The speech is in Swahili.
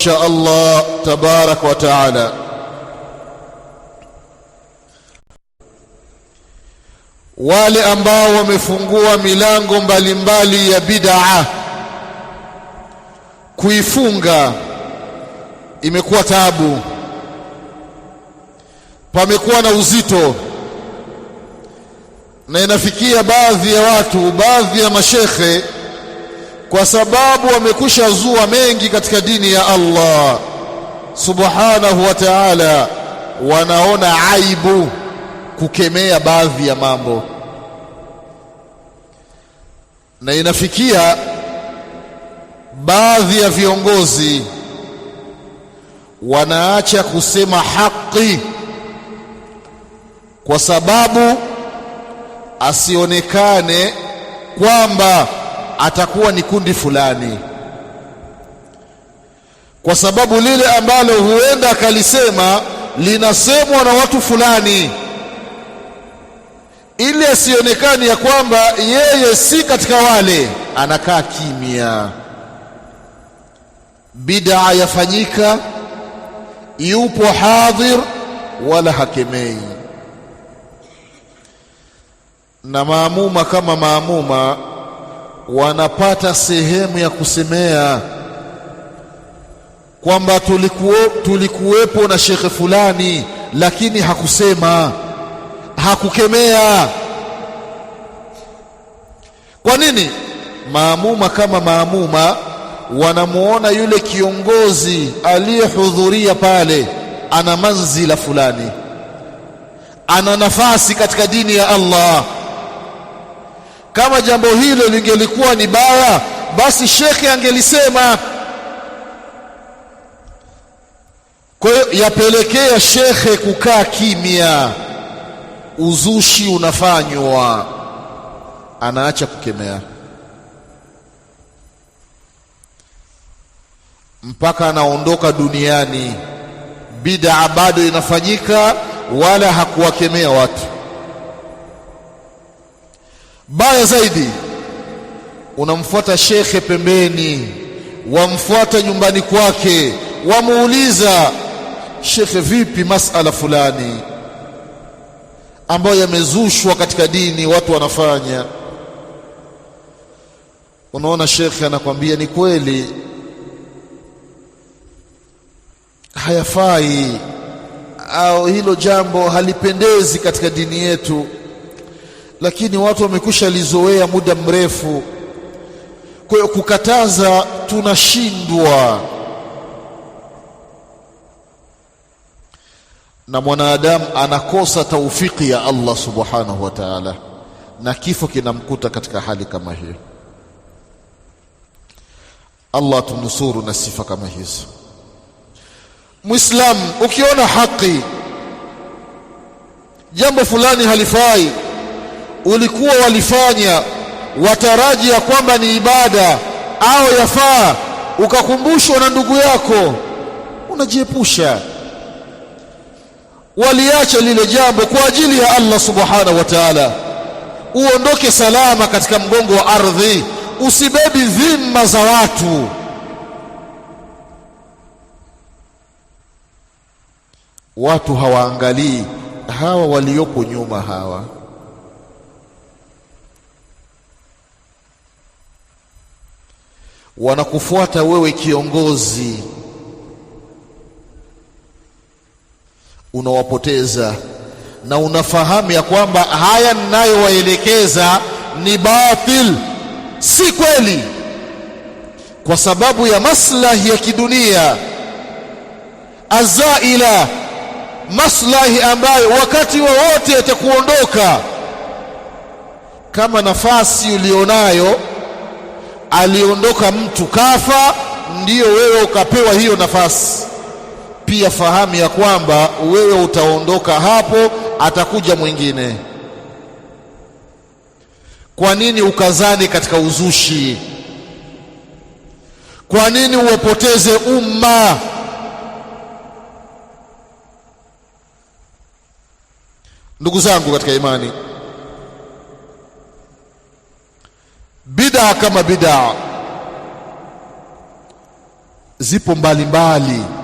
Insha Allah tabarak wa taala, wale ambao wamefungua milango mbalimbali mbali ya bid'a, kuifunga imekuwa taabu, pamekuwa na uzito, na inafikia baadhi ya watu, baadhi ya mashekhe kwa sababu wamekusha zua mengi katika dini ya Allah subhanahu wa ta'ala, wanaona aibu kukemea baadhi ya mambo, na inafikia baadhi ya viongozi wanaacha kusema haki kwa sababu asionekane kwamba atakuwa ni kundi fulani, kwa sababu lile ambalo huenda akalisema linasemwa na watu fulani, ili asionekane ya kwamba yeye si katika wale, anakaa kimya. Bid'a yafanyika, yupo hadhir, wala hakemei na maamuma kama maamuma wanapata sehemu ya kusemea kwamba tulikuwe, tulikuwepo na shekhe fulani, lakini hakusema hakukemea. Kwa nini? Maamuma kama maamuma wanamuona yule kiongozi aliyehudhuria pale ana manzila fulani, ana nafasi katika dini ya Allah kama jambo hilo lingelikuwa ni baya, basi shekhe angelisema. Kwa hiyo yapelekea shekhe kukaa kimya, uzushi unafanywa, anaacha kukemea mpaka anaondoka duniani, bidaa bado inafanyika, wala hakuwakemea watu. Baya zaidi, unamfuata shekhe pembeni, wamfuata nyumbani kwake, wamuuliza shekhe, vipi masala fulani ambayo yamezushwa katika dini, watu wanafanya. Unaona, shekhe anakwambia ni kweli, hayafai au hilo jambo halipendezi katika dini yetu lakini watu wamekwisha lizoea muda mrefu. Kwa hiyo kukataza tunashindwa, na mwanadamu anakosa taufiki ya Allah subhanahu wa ta'ala, na kifo kinamkuta katika hali kama hiyo. Allah tunusuru na sifa kama hizo. Muislam, ukiona haki jambo fulani halifai ulikuwa walifanya wataraji ya kwamba ni ibada au yafaa, ukakumbushwa na ndugu yako, unajiepusha. Waliacha lile jambo kwa ajili ya Allah subhanahu wa ta'ala. Uondoke salama katika mgongo wa ardhi, usibebi dhima za watu. Watu hawaangalii hawa waliopo nyuma hawa wanakufuata wewe kiongozi, unawapoteza na unafahamu ya kwamba haya ninayowaelekeza ni batil, si kweli, kwa sababu ya maslahi ya kidunia azaila, maslahi ambayo wakati wowote wa yatakuondoka, kama nafasi ulionayo aliondoka mtu kafa, ndiyo wewe ukapewa hiyo nafasi. Pia fahamu ya kwamba wewe utaondoka hapo, atakuja mwingine. Kwa nini ukazane katika uzushi? Kwa nini uwapoteze umma? Ndugu zangu katika imani Bidaa kama bidaa zipo mbalimbali mbali.